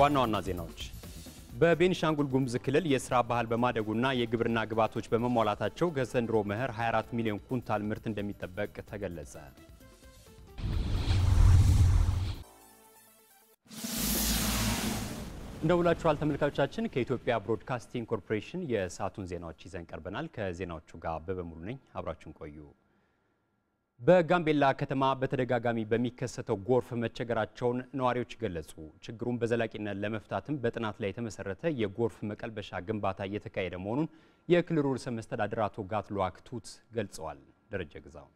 ዋና ዋና ዜናዎች በቤኒሻንጉል ጉሙዝ ክልል የስራ ባህል በማደጉና የግብርና ግብዓቶች በመሟላታቸው ከዘንድሮ መኸር 24 ሚሊዮን ኩንታል ምርት እንደሚጠበቅ ተገለጸ። እንደውላችኋል ተመልካቾቻችን። ከኢትዮጵያ ብሮድካስቲንግ ኮርፖሬሽን የሰዓቱን ዜናዎች ይዘን ቀርበናል። ከዜናዎቹ ጋር አበበ ሙሉ ነኝ። አብራችሁን ቆዩ። በጋምቤላ ከተማ በተደጋጋሚ በሚከሰተው ጎርፍ መቸገራቸውን ነዋሪዎች ገለጹ። ችግሩን በዘላቂነት ለመፍታትም በጥናት ላይ የተመሰረተ የጎርፍ መቀልበሻ ግንባታ እየተካሄደ መሆኑን የክልሉ ርዕሰ መስተዳድር አቶ ጋትሉአክ ቱት ገልጸዋል። ደረጀ ግዛው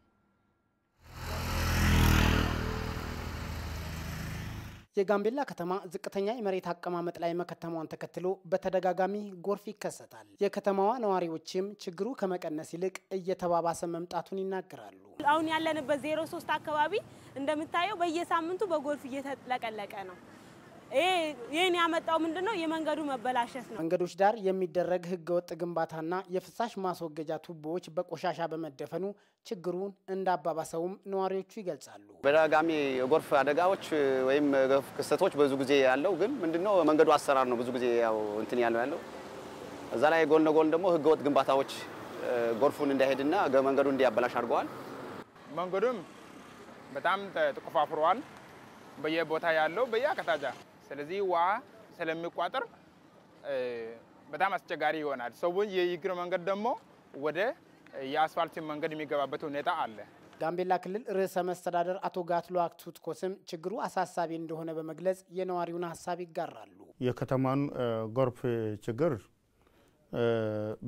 የጋምቤላ ከተማ ዝቅተኛ የመሬት አቀማመጥ ላይ መከተማዋን ተከትሎ በተደጋጋሚ ጎርፍ ይከሰታል። የከተማዋ ነዋሪዎችም ችግሩ ከመቀነስ ይልቅ እየተባባሰ መምጣቱን ይናገራሉ። አሁን ያለንበት ዜሮ ሶስት አካባቢ እንደምታየው በየሳምንቱ በጎርፍ እየተለቀለቀ ነው። ይህን ያመጣው ምንድን ነው? የመንገዱ መበላሸት ነው። መንገዶች ዳር የሚደረግ ህገወጥ ግንባታና የፍሳሽ ማስወገጃ ቱቦዎች በቆሻሻ በመደፈኑ ችግሩን እንዳባባሰውም ነዋሪዎቹ ይገልጻሉ። በደጋጋሚ የጎርፍ አደጋዎች ወይም ጎርፍ ክስተቶች ብዙ ጊዜ ያለው ግን ምንድነው መንገዱ አሰራር ነው። ብዙ ጊዜ ያው እንትን ያለው ያለው እዛ ላይ ጎን ለጎን ደግሞ ህገወጥ ግንባታዎች ጎርፉን እንዳይሄድና መንገዱ እንዲያበላሽ አድርገዋል። መንገዱም በጣም ተቆፋፍሯል። በየቦታ ያለው በየአቅጣጫ ስለዚህ ውሃ ስለሚቋጠር በጣም አስቸጋሪ ይሆናል። ሰው የእግር መንገድ ደግሞ ወደ የአስፋልት መንገድ የሚገባበት ሁኔታ አለ። ጋምቤላ ክልል ርዕሰ መስተዳደር አቶ ጋትሎ አክቱት ኮስም ችግሩ አሳሳቢ እንደሆነ በመግለጽ የነዋሪውን ሀሳብ ይጋራሉ። የከተማን ጎርፍ ችግር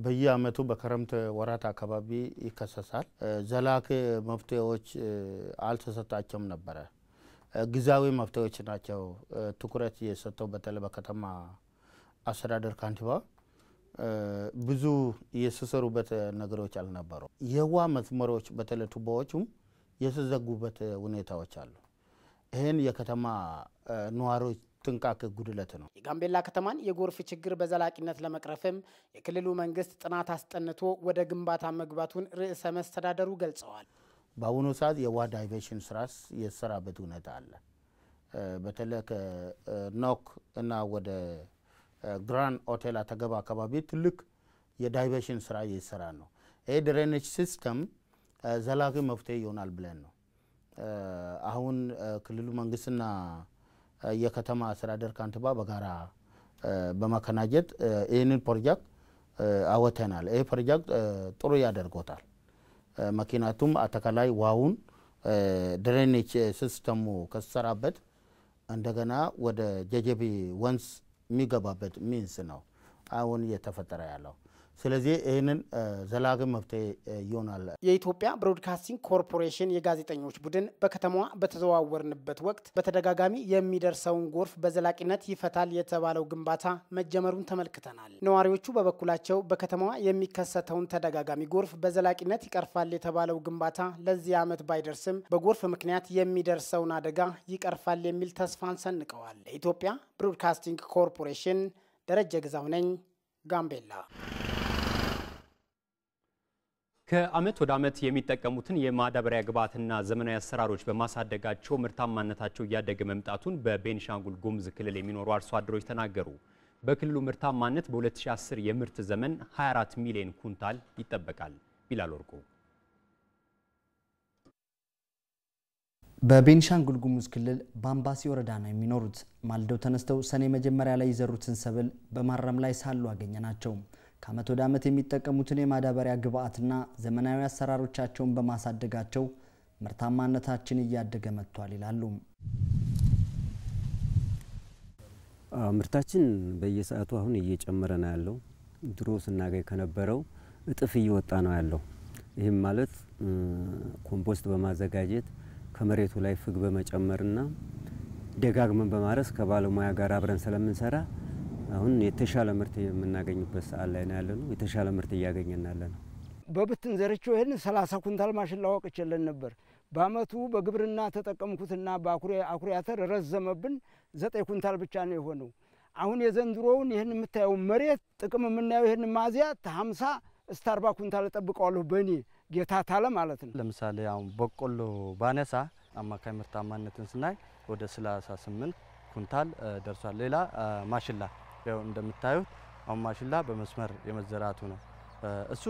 በየአመቱ በክረምት ወራት አካባቢ ይከሰሳል። ዘላክ መፍትሄዎች አልተሰጣቸውም ነበረ። ጊዜያዊ መፍትሄዎች ናቸው ትኩረት እየሰጠው በተለይ በከተማ አስተዳደር ካንቲባ ብዙ የተሰሩበት ነገሮች አልነበሩ። የውሃ መስመሮች በተለይ ቱቦዎቹም የተዘጉበት ሁኔታዎች አሉ። ይህን የከተማ ነዋሪዎች ጥንቃቄ ጉድለት ነው። የጋምቤላ ከተማን የጎርፍ ችግር በዘላቂነት ለመቅረፍም የክልሉ መንግስት ጥናት አስጠንቶ ወደ ግንባታ መግባቱን ርዕሰ መስተዳደሩ ገልጸዋል። በአሁኑ ሰዓት የውሃ ዳይቬሽን ስራ የተሰራበት ሁኔታ አለ። በተለይ ከኖክ እና ወደ ግራንድ ሆቴል አተገባ አካባቢ ትልቅ የዳይቬሽን ስራ እየተሰራ ነው። ይህ ድሬኔጅ ሲስተም ዘላቂ መፍትሄ ይሆናል ብለን ነው አሁን ክልሉ መንግስትና የከተማ አስተዳደር ካንትባ በጋራ በማከናጀት ይህንን ፕሮጀክት አወተናል። ይህ ፕሮጀክት ጥሩ ያደርጎታል። መኪናቱም አጠቃላይ ዋውን ድሬኔጅ ሲስተሙ ከሰራበት እንደገና ወደ ጀጀቢ ወንዝ የሚገባበት ሚንስ ነው አሁን እየተፈጠረ ያለው። ስለዚህ ይህንን ዘላግም መፍትሄ ይሆናል። የኢትዮጵያ ብሮድካስቲንግ ኮርፖሬሽን የጋዜጠኞች ቡድን በከተማዋ በተዘዋወርንበት ወቅት በተደጋጋሚ የሚደርሰውን ጎርፍ በዘላቂነት ይፈታል የተባለው ግንባታ መጀመሩን ተመልክተናል። ነዋሪዎቹ በበኩላቸው በከተማዋ የሚከሰተውን ተደጋጋሚ ጎርፍ በዘላቂነት ይቀርፋል የተባለው ግንባታ ለዚህ ዓመት ባይደርስም በጎርፍ ምክንያት የሚደርሰውን አደጋ ይቀርፋል የሚል ተስፋን ሰንቀዋል። ለኢትዮጵያ ብሮድካስቲንግ ኮርፖሬሽን ደረጀ ግዛው ነኝ፣ ጋምቤላ ከዓመት ወደ ዓመት የሚጠቀሙትን የማዳበሪያ ግብዓትና ዘመናዊ አሰራሮች በማሳደጋቸው ምርታማነታቸው እያደገ መምጣቱን በቤኒሻንጉል ጉሙዝ ክልል የሚኖሩ አርሶ አደሮች ተናገሩ። በክልሉ ምርታማነት በ2010 የምርት ዘመን 24 ሚሊዮን ኩንታል ይጠበቃል። ቢላል ወርቁ በቤኒሻንጉል ጉሙዝ ክልል በአምባሲ ወረዳ ነው የሚኖሩት። ማልደው ተነስተው ሰኔ መጀመሪያ ላይ የዘሩትን ሰብል በማረም ላይ ሳሉ አገኘ ናቸው። ከዓመት ወደ ዓመት የሚጠቀሙትን የማዳበሪያ ግብዓትና ዘመናዊ አሰራሮቻቸውን በማሳደጋቸው ምርታማነታችን እያደገ መጥቷል ይላሉ። ምርታችን በየሰዓቱ አሁን እየጨመረ ነው ያለው። ድሮ ስናገኝ ከነበረው እጥፍ እየወጣ ነው ያለው። ይህም ማለት ኮምፖስት በማዘጋጀት ከመሬቱ ላይ ፍግ በመጨመርና ደጋግመን በማረስ ከባለሙያ ጋር አብረን ስለምንሰራ አሁን የተሻለ ምርት የምናገኝበት ሰዓት ላይ ነው ያለ ነው። የተሻለ ምርት እያገኘን ያለ ነው። በብትን ዘርቼው ይህን ሰላሳ ኩንታል ማሽላ ወቅችለን ነበር። በአመቱ በግብርና ተጠቀምኩትና በአኩሪ አተር ረዘመብን። ዘጠኝ ኩንታል ብቻ ነው የሆነው። አሁን የዘንድሮውን ይህን የምታየው መሬት ጥቅም የምናየው ይህን ማዚያ ሀምሳ እስከ አርባ ኩንታል እጠብቀዋለሁ በእኔ ጌታ ታለ ማለት ነው። ለምሳሌ አሁን በቆሎ ባነሳ አማካይ ምርታማነትን ስናይ ወደ ሰላሳ ስምንት ኩንታል ደርሷል። ሌላ ማሽላ ያው እንደምታዩት አሁን ማሽላ በመስመር የመዘራቱ ነው። እሱ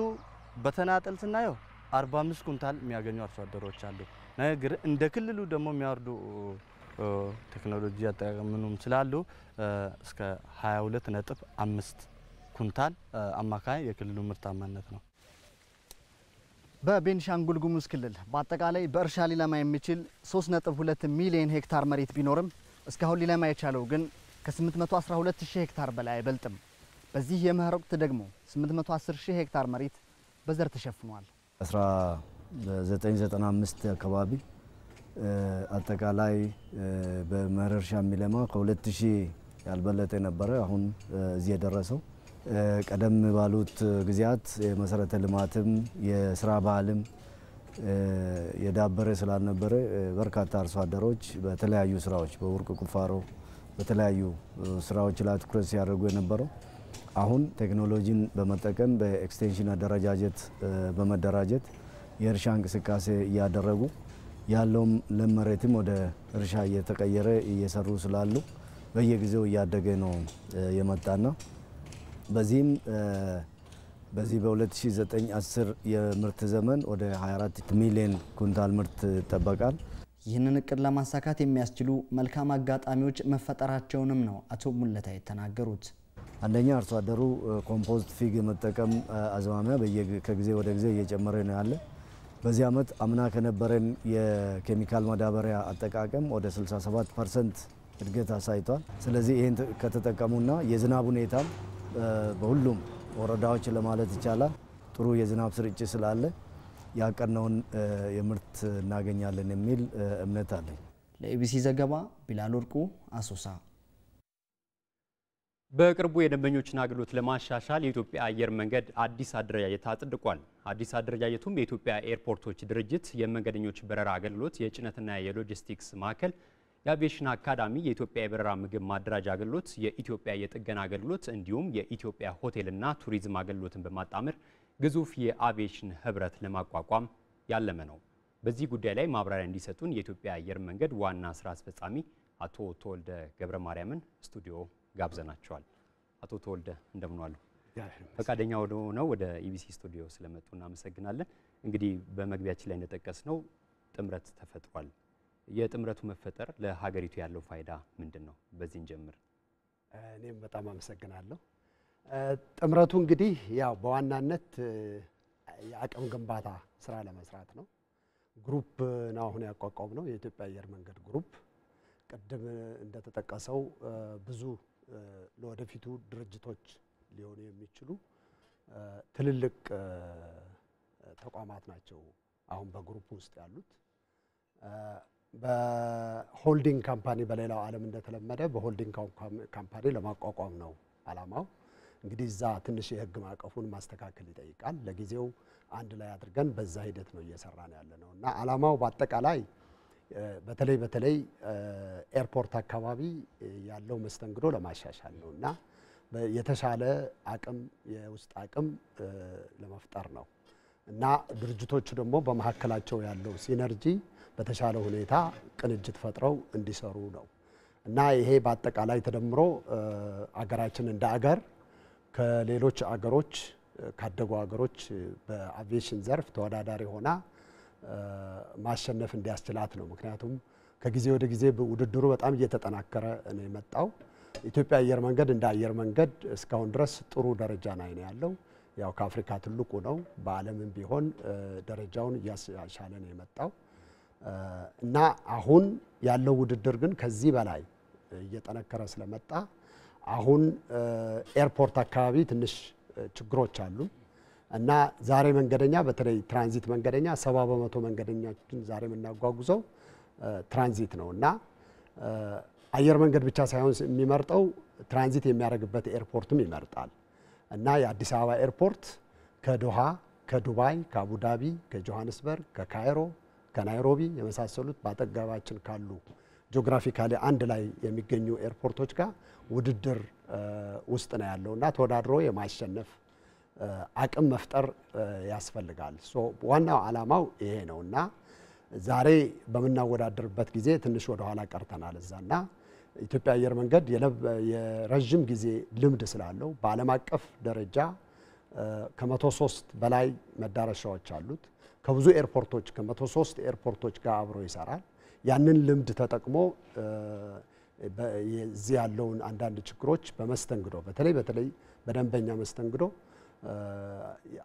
በተናጠል ስናየው 45 ኩንታል የሚያገኙ አርሶ አደሮች አሉ። ነገር እንደ ክልሉ ደግሞ የሚያወርዱ ቴክኖሎጂ ያጠቃቀምንም ስላሉ እስከ 22 ነጥብ አምስት ኩንታል አማካይ የክልሉ ምርታማነት ነው። በቤንሻንጉል ጉሙዝ ክልል በአጠቃላይ በእርሻ ሊለማ የሚችል 3.2 ሚሊዮን ሄክታር መሬት ቢኖርም እስካሁን ሊለማ የቻለው ግን ከ812 ሺህ ሄክታር በላይ አይበልጥም። በዚህ የመኸር ወቅት ደግሞ 810 ሄክታር መሬት በዘር ተሸፍኗል። 995 አካባቢ አጠቃላይ በመኸር እርሻ የሚለማው ከ2 ያልበለጠ ነበረ። አሁን እዚህ የደረሰው ቀደም ባሉት ጊዜያት የመሰረተ ልማትም የስራ ባህልም የዳበረ ስላልነበረ በርካታ አርሶ አደሮች በተለያዩ ስራዎች በወርቅ ቁፋሮ በተለያዩ ስራዎች ላይ ትኩረት ሲያደርጉ የነበረው አሁን ቴክኖሎጂን በመጠቀም በኤክስቴንሽን አደረጃጀት በመደራጀት የእርሻ እንቅስቃሴ እያደረጉ ያለውም ለም መሬትም ወደ እርሻ እየተቀየረ እየሰሩ ስላሉ በየጊዜው እያደገ ነው የመጣና በዚህም በዚህ በ2009 10 የምርት ዘመን ወደ 24 ሚሊዮን ኩንታል ምርት ይጠበቃል። ይህንን እቅድ ለማሳካት የሚያስችሉ መልካም አጋጣሚዎች መፈጠራቸውንም ነው አቶ ሙለታ የተናገሩት። አንደኛ አርሶ አደሩ ኮምፖስት ፊግ መጠቀም አዝማሚያ ከጊዜ ወደ ጊዜ እየጨመረ ነው ያለ። በዚህ ዓመት አምና ከነበረን የኬሚካል ማዳበሪያ አጠቃቀም ወደ 67 ፐርሰንት እድገት አሳይቷል። ስለዚህ ይህን ከተጠቀሙና የዝናብ ሁኔታም በሁሉም ወረዳዎች ለማለት ይቻላል ጥሩ የዝናብ ስርጭት ስላለ ያቀነውን የምርት እናገኛለን የሚል እምነት አለኝ። ለኢቢሲ ዘገባ ቢላል ወርቁ አሶሳ። በቅርቡ የደንበኞችን አገልግሎት ለማሻሻል የኢትዮጵያ አየር መንገድ አዲስ አደረጃጀት አጽድቋል። አዲስ አደረጃጀቱም የኢትዮጵያ ኤርፖርቶች ድርጅት የመንገደኞች በረራ አገልግሎት የጭነትና የሎጂስቲክስ ማዕከል የአቪዬሽን አካዳሚ፣ የኢትዮጵያ የበረራ ምግብ ማደራጃ አገልግሎት፣ የኢትዮጵያ የጥገና አገልግሎት እንዲሁም የኢትዮጵያ ሆቴልና ቱሪዝም አገልግሎትን በማጣመር ግዙፍ የአቪዬሽን ህብረት ለማቋቋም ያለመ ነው። በዚህ ጉዳይ ላይ ማብራሪያ እንዲሰጡን የኢትዮጵያ አየር መንገድ ዋና ስራ አስፈጻሚ አቶ ተወልደ ገብረ ማርያምን ስቱዲዮ ጋብዘናቸዋል። አቶ ተወልደ እንደምን ዋሉ? ፈቃደኛ ሆነው ወደ ኢቢሲ ስቱዲዮ ስለመጡ እናመሰግናለን። እንግዲህ በመግቢያችን ላይ እንደጠቀስ ነው ጥምረት ተፈጥሯል። የጥምረቱ መፈጠር ለሀገሪቱ ያለው ፋይዳ ምንድን ነው? በዚህን ጀምር። እኔም በጣም አመሰግናለሁ። ጥምረቱ እንግዲህ ያው በዋናነት የአቅም ግንባታ ስራ ለመስራት ነው። ግሩፕ ነው አሁን ያቋቋም ነው የኢትዮጵያ አየር መንገድ ግሩፕ። ቅድም እንደተጠቀሰው ብዙ ለወደፊቱ ድርጅቶች ሊሆኑ የሚችሉ ትልልቅ ተቋማት ናቸው አሁን በግሩፕ ውስጥ ያሉት። በሆልዲንግ ካምፓኒ በሌላው ዓለም እንደተለመደ በሆልዲንግ ካምፓኒ ለማቋቋም ነው አላማው። እንግዲህ እዛ ትንሽ የህግ ማዕቀፉን ማስተካከል ይጠይቃል። ለጊዜው አንድ ላይ አድርገን በዛ ሂደት ነው እየሰራ ነው ያለ ነው እና አላማው በአጠቃላይ በተለይ በተለይ ኤርፖርት አካባቢ ያለው መስተንግዶ ለማሻሻል ነው እና የተሻለ አቅም የውስጥ አቅም ለመፍጠር ነው። እና ድርጅቶቹ ደግሞ በመካከላቸው ያለው ሲነርጂ በተሻለ ሁኔታ ቅንጅት ፈጥረው እንዲሰሩ ነው እና ይሄ በአጠቃላይ ተደምሮ አገራችን እንደ አገር ከሌሎች አገሮች ካደጉ አገሮች በአቪዬሽን ዘርፍ ተወዳዳሪ ሆና ማሸነፍ እንዲያስችላት ነው። ምክንያቱም ከጊዜ ወደ ጊዜ ውድድሩ በጣም እየተጠናከረ ነው የመጣው። ኢትዮጵያ አየር መንገድ እንደ አየር መንገድ እስካሁን ድረስ ጥሩ ደረጃ ላይ ነው ያለው። ያው ከአፍሪካ ትልቁ ነው። በዓለምም ቢሆን ደረጃውን እያሻሻለ ነው የመጣው እና አሁን ያለው ውድድር ግን ከዚህ በላይ እየጠነከረ ስለመጣ አሁን ኤርፖርት አካባቢ ትንሽ ችግሮች አሉ እና ዛሬ መንገደኛ በተለይ ትራንዚት መንገደኛ ሰባ በመቶ መንገደኛችን ዛሬ የምናጓጉዘው ትራንዚት ነው እና አየር መንገድ ብቻ ሳይሆን የሚመርጠው ትራንዚት የሚያደርግበት ኤርፖርትም ይመርጣል። እና የአዲስ አበባ ኤርፖርት ከዶሃ፣ ከዱባይ፣ ከአቡዳቢ፣ ከጆሃንስበርግ፣ ከካይሮ፣ ከናይሮቢ የመሳሰሉት በአጠገባችን ካሉ ጂኦግራፊካሊ አንድ ላይ የሚገኙ ኤርፖርቶች ጋር ውድድር ውስጥ ነው ያለው እና ተወዳድሮ የማሸነፍ አቅም መፍጠር ያስፈልጋል። ዋናው ዓላማው ይሄ ነው እና ዛሬ በምናወዳደርበት ጊዜ ትንሽ ወደኋላ ቀርተናል እዛና ኢትዮጵያ አየር መንገድ የረዥም ጊዜ ልምድ ስላለው በዓለም አቀፍ ደረጃ ከመቶ ሶስት በላይ መዳረሻዎች አሉት። ከብዙ ኤርፖርቶች ከመቶ ሶስት ኤርፖርቶች ጋር አብሮ ይሰራል። ያንን ልምድ ተጠቅሞ እዚህ ያለውን አንዳንድ ችግሮች በመስተንግዶ በተለይ በተለይ በደንበኛ መስተንግዶ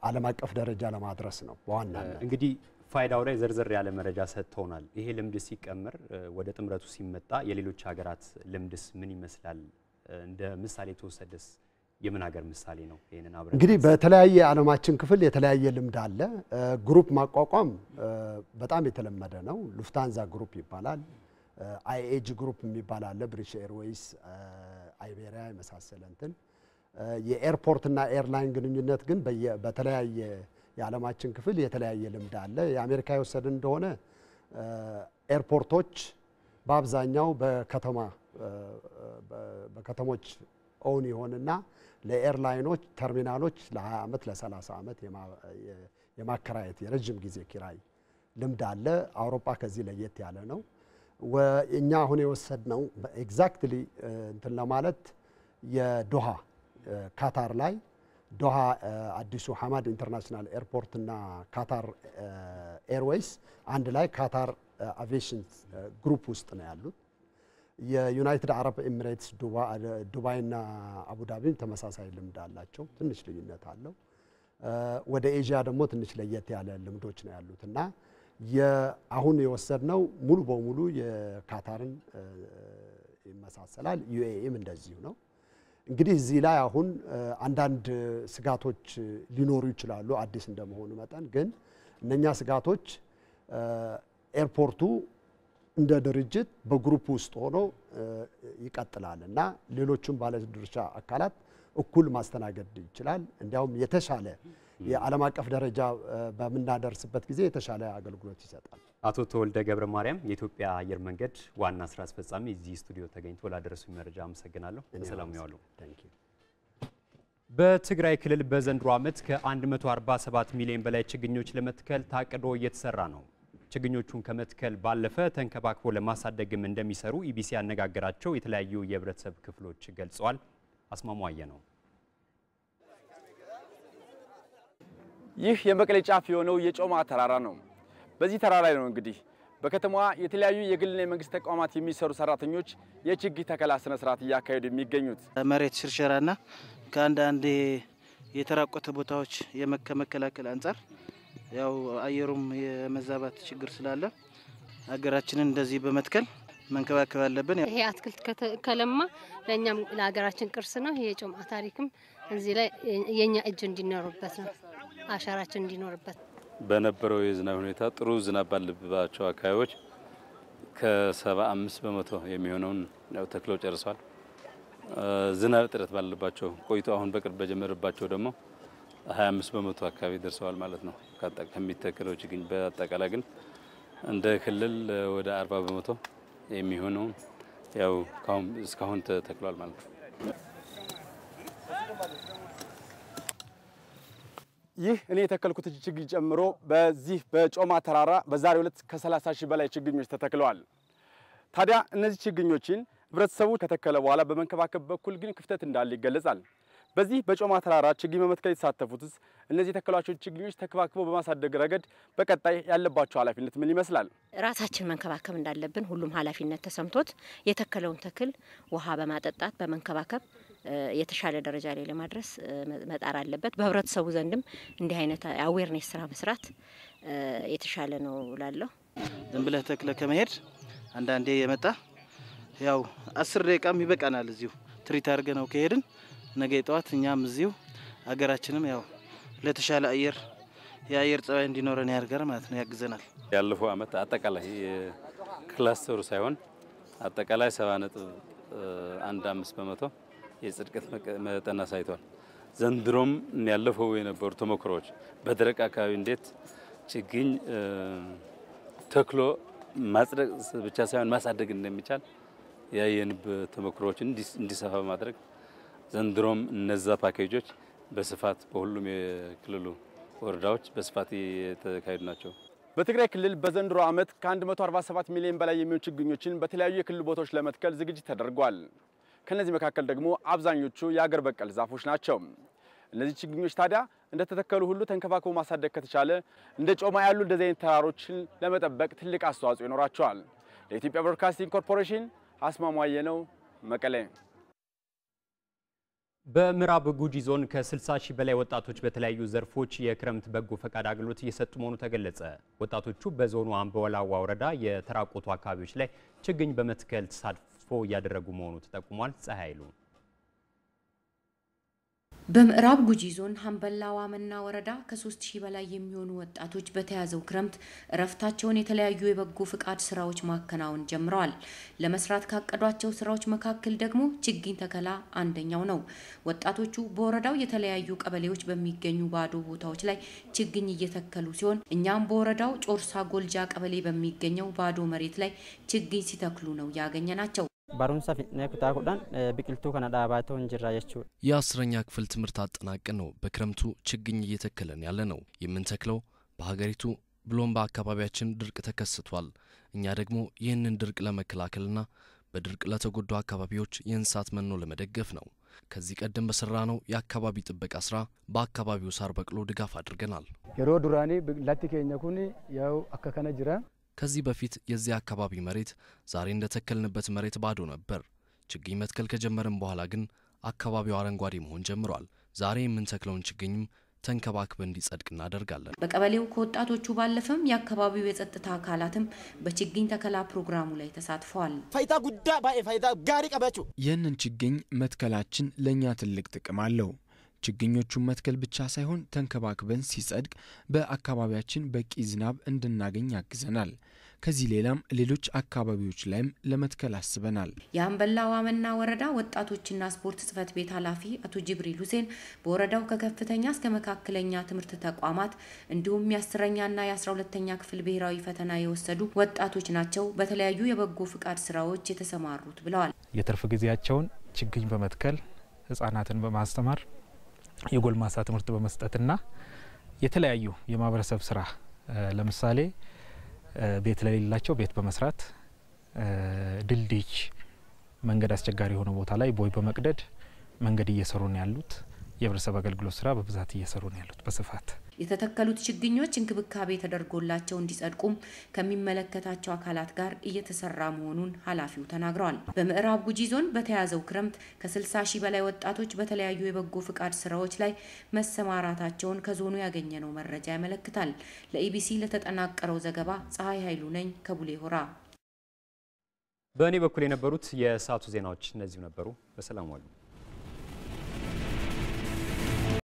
ዓለም አቀፍ ደረጃ ለማድረስ ነው በዋናነት እንግዲህ ፋይዳው ላይ ዝርዝር ያለ መረጃ ሰጥተውናል። ይሄ ልምድ ሲቀመር ወደ ጥምረቱ ሲመጣ የሌሎች ሀገራት ልምድስ ምን ይመስላል? እንደ ምሳሌ የተወሰደስ የምን ሀገር ምሳሌ ነው? ይህንን አብረን እንግዲህ በተለያየ ዓለማችን ክፍል የተለያየ ልምድ አለ። ግሩፕ ማቋቋም በጣም የተለመደ ነው። ሉፍታንዛ ግሩፕ ይባላል። አይኤጅ ግሩፕ የሚባል አለ። ብሪሽ ኤርዌይስ፣ አይቤሪያ የመሳሰለ እንትን የኤርፖርትና ኤርላይን ግንኙነት ግን በተለያየ የዓለማችን ክፍል የተለያየ ልምድ አለ። የአሜሪካ የወሰድን እንደሆነ ኤርፖርቶች በአብዛኛው በከተማ በከተሞች ኦውን ይሆንና ለኤርላይኖች ተርሚናሎች ለ20 ዓመት ለ30 ዓመት የማከራየት የረዥም ጊዜ ኪራይ ልምድ አለ። አውሮፓ ከዚህ ለየት ያለ ነው። እኛ አሁን የወሰድነው ኤግዛክትሊ እንትን ለማለት የዶሃ ካታር ላይ ዶሃ አዲሱ ሐማድ ኢንተርናሽናል ኤርፖርት እና ካታር ኤርዌይስ አንድ ላይ ካታር አቪዬሽን ግሩፕ ውስጥ ነው ያሉት። የዩናይትድ አረብ ኤሚሬትስ ዱባይና አቡዳቢም ተመሳሳይ ልምድ አላቸው። ትንሽ ልዩነት አለው። ወደ ኤዥያ ደግሞ ትንሽ ለየት ያለ ልምዶች ነው ያሉት እና አሁን የወሰድነው ሙሉ በሙሉ የካታርን ይመሳሰላል። ዩኤኢም እንደዚሁ ነው። እንግዲህ እዚህ ላይ አሁን አንዳንድ ስጋቶች ሊኖሩ ይችላሉ። አዲስ እንደመሆኑ መጠን ግን እነኛ ስጋቶች ኤርፖርቱ እንደ ድርጅት በግሩፕ ውስጥ ሆኖ ይቀጥላል እና ሌሎቹም ባለድርሻ አካላት እኩል ማስተናገድ ይችላል። እንዲያውም የተሻለ የዓለም አቀፍ ደረጃ በምናደርስበት ጊዜ የተሻለ አገልግሎት ይሰጣል። አቶ ተወልደ ገብረ ማርያም የኢትዮጵያ አየር መንገድ ዋና ስራ አስፈጻሚ እዚህ ስቱዲዮ ተገኝቶ ላደረሱኝ መረጃ አመሰግናለሁ። በሰላም ያዋሉ። በትግራይ ክልል በዘንድሮ ዓመት ከ147 ሚሊዮን በላይ ችግኞች ለመትከል ታቅዶ እየተሰራ ነው። ችግኞቹን ከመትከል ባለፈ ተንከባክቦ ለማሳደግም እንደሚሰሩ ኢቢሲ ያነጋገራቸው የተለያዩ የህብረተሰብ ክፍሎች ገልጸዋል። አስማሟየ ነው። ይህ የመቀሌ ጫፍ የሆነው የጮማ ተራራ ነው። በዚህ ተራ ላይ ነው እንግዲህ በከተማዋ የተለያዩ የግልና የመንግስት ተቋማት የሚሰሩ ሰራተኞች የችግኝ ተከላ ስነ ስርዓት እያካሄዱ የሚገኙት መሬት ሽርሸራና ከአንዳንድ የተራቆተ ቦታዎች ከመከላከል አንጻር ያው አየሩም የመዛባት ችግር ስላለ ሀገራችንን እንደዚህ በመትከል መንከባከብ አለብን። ይሄ አትክልት ከለማ ለእኛም ለሀገራችን ቅርስ ነው። ይሄ ጮማ ታሪክም እዚህ ላይ የእኛ እጅ እንዲኖርበት ነው፣ አሻራችን እንዲኖርበት በነበረው የዝናብ ሁኔታ ጥሩ ዝናብ ባለባቸው አካባቢዎች ከ75 በመቶ የሚሆነውን ያው ተክለው ጨርሷል። ዝናብ እጥረት ባለባቸው ቆይቶ አሁን በቅርብ በጀመረባቸው ደግሞ 25 በመቶ አካባቢ ደርሰዋል ማለት ነው ከሚተከለው ችግኝ። በአጠቃላይ ግን እንደ ክልል ወደ 40 በመቶ የሚሆነው ያው እስካሁን ተተክሏል ማለት ነው። ይህ እኔ የተከልኩት ችግኝ ጨምሮ በዚህ በጮማ ተራራ በዛሬው ዕለት ከ30 ሺህ በላይ ችግኞች ተተክለዋል። ታዲያ እነዚህ ችግኞችን ህብረተሰቡ ከተከለ በኋላ በመንከባከብ በኩል ግን ክፍተት እንዳለ ይገለጻል። በዚህ በጮማ ተራራ ችግኝ በመትከል የተሳተፉትስ እነዚህ የተከሏቸው ችግኞች ተከባክበ በማሳደግ ረገድ በቀጣይ ያለባቸው ኃላፊነት ምን ይመስላል? ራሳችን መንከባከብ እንዳለብን ሁሉም ኃላፊነት ተሰምቶት የተከለውን ተክል ውሃ በማጠጣት በመንከባከብ የተሻለ ደረጃ ላይ ለማድረስ መጣር አለበት። በህብረተሰቡ ዘንድም እንዲህ አይነት አዌርኔስ ስራ መስራት የተሻለ ነው ላለሁ ዝም ብለህ ተክለ ከመሄድ አንዳንዴ የመጣ ያው አስር ደቂቃም ይበቃናል። እዚሁ ትሪት አድርገ ነው ከሄድን ነገ ጠዋት እኛም እዚሁ ሀገራችንም ያው ለተሻለ አየር የአየር ጸባይ እንዲኖረን ያርገር ማለት ነው፣ ያግዘናል። ያለፈው አመት አጠቃላይ ክላስተሩ ሳይሆን አጠቃላይ ሰባ ነጥብ አንድ አምስት በመቶ የጽድቀት መጠን አሳይቷል። ዘንድሮም ያለፈው የነበሩ ተሞክሮዎች በደረቅ አካባቢ እንዴት ችግኝ ተክሎ ማጽደቅ ብቻ ሳይሆን ማሳደግ እንደሚቻል ያየንብ ተሞክሮዎችን እንዲሰፋ በማድረግ ዘንድሮም እነዛ ፓኬጆች በስፋት በሁሉም የክልሉ ወረዳዎች በስፋት የተካሄዱ ናቸው። በትግራይ ክልል በዘንድሮ ዓመት ከ147 ሚሊዮን በላይ የሚሆኑ ችግኞችን በተለያዩ የክልል ቦታዎች ለመትከል ዝግጅት ተደርጓል። ከነዚህ መካከል ደግሞ አብዛኞቹ የአገር በቀል ዛፎች ናቸው። እነዚህ ችግኞች ታዲያ እንደተተከሉ ሁሉ ተንከባክቦ ማሳደግ ከተቻለ እንደ ጮማ ያሉ እንደዚህ አይነት ተራሮችን ለመጠበቅ ትልቅ አስተዋጽኦ ይኖራቸዋል። ለኢትዮጵያ ብሮድካስቲንግ ኮርፖሬሽን አስማማየ ነው መቀሌ። በምዕራብ ጉጂ ዞን ከ60 ሺህ በላይ ወጣቶች በተለያዩ ዘርፎች የክረምት በጎ ፈቃድ አገልግሎት እየሰጡ መሆኑ ተገለጸ። ወጣቶቹ በዞኑ አምበወላዋ ወረዳ የተራቆቱ አካባቢዎች ላይ ችግኝ በመትከል ተሳትፎ ተሳትፎ እያደረጉ መሆኑ ተጠቁሟል። ፀሐይ በምዕራብ ጉጂ ዞን ሀምበላ ዋመና ወረዳ ከሶስት ሺህ በላይ የሚሆኑ ወጣቶች በተያዘው ክረምት እረፍታቸውን የተለያዩ የበጎ ፍቃድ ስራዎች ማከናወን ጀምረዋል። ለመስራት ካቀዷቸው ስራዎች መካከል ደግሞ ችግኝ ተከላ አንደኛው ነው። ወጣቶቹ በወረዳው የተለያዩ ቀበሌዎች በሚገኙ ባዶ ቦታዎች ላይ ችግኝ እየተከሉ ሲሆን እኛም በወረዳው ጮርሳ ጎልጃ ቀበሌ በሚገኘው ባዶ መሬት ላይ ችግኝ ሲተክሉ ነው ያገኘ ናቸው። barumsaa fi kutaa kudhan eh, biqiltuu kana dhaabaa ta'u hinjirra jechuudha. የአስረኛ ክፍል ትምህርት አጠናቀን ነው በክረምቱ ችግኝ እየተከለን ያለ ነው የምንተክለው። በሀገሪቱ ብሎም በአካባቢያችን ድርቅ ተከስቷል። እኛ ደግሞ ይህንን ድርቅ ለመከላከልና በድርቅ ለተጎዱ አካባቢዎች የእንስሳት መኖ ለመደገፍ ነው። ከዚህ ቀደም በሰራ ነው የአካባቢ ጥበቃ ስራ በአካባቢው ሳር በቅሎ ድጋፍ አድርገናል። የሮ ዱራኒ ቢቅላቲ ኬኛ ያው አካከነ ጅራ ከዚህ በፊት የዚያ አካባቢ መሬት ዛሬ እንደተከልንበት መሬት ባዶ ነበር። ችግኝ መትከል ከጀመርን በኋላ ግን አካባቢው አረንጓዴ መሆን ጀምሯል። ዛሬ የምንተክለውን ችግኝም ተንከባክበ እንዲጸድቅ እናደርጋለን። በቀበሌው ከወጣቶቹ ባለፈም የአካባቢው የጸጥታ አካላትም በችግኝ ተከላ ፕሮግራሙ ላይ ተሳትፈዋል። ፋይታ ጉዳ ባ ፋይታ ጋሪ ቀበቹ ይህንን ችግኝ መትከላችን ለእኛ ትልቅ ጥቅም አለው። ችግኞቹን መትከል ብቻ ሳይሆን ተንከባክበን ሲጸድቅ በአካባቢያችን በቂ ዝናብ እንድናገኝ ያግዘናል። ከዚህ ሌላም ሌሎች አካባቢዎች ላይም ለመትከል አስበናል። የአምበላ ዋመና ወረዳ ወጣቶችና ስፖርት ጽፈት ቤት ኃላፊ አቶ ጅብሪል ሁሴን በወረዳው ከከፍተኛ እስከ መካከለኛ ትምህርት ተቋማት እንዲሁም የአስረኛና የአስራ ሁለተኛ ክፍል ብሔራዊ ፈተና የወሰዱ ወጣቶች ናቸው በተለያዩ የበጎ ፍቃድ ስራዎች የተሰማሩት ብለዋል። የትርፍ ጊዜያቸውን ችግኝ በመትከል ህጻናትን በማስተማር የጎልማሳ ትምህርት በመስጠትና የተለያዩ የማህበረሰብ ስራ ለምሳሌ ቤት ለሌላቸው ቤት በመስራት ድልድይ፣ መንገድ አስቸጋሪ የሆነ ቦታ ላይ ቦይ በመቅደድ መንገድ እየሰሩ ነው ያሉት። የህብረተሰብ አገልግሎት ስራ በብዛት እየሰሩ ነው ያሉት በስፋት የተተከሉት ችግኞች እንክብካቤ ተደርጎላቸው እንዲጸድቁም ከሚመለከታቸው አካላት ጋር እየተሰራ መሆኑን ኃላፊው ተናግረዋል። በምዕራብ ጉጂ ዞን በተያዘው ክረምት ከ60 ሺህ በላይ ወጣቶች በተለያዩ የበጎ ፍቃድ ስራዎች ላይ መሰማራታቸውን ከዞኑ ያገኘነው መረጃ ያመለክታል። ለኢቢሲ ለተጠናቀረው ዘገባ ፀሐይ ኃይሉ ነኝ ከቡሌ ሆራ። በእኔ በኩል የነበሩት የሰዓቱ ዜናዎች እነዚሁ ነበሩ። በሰላም ዋሉ።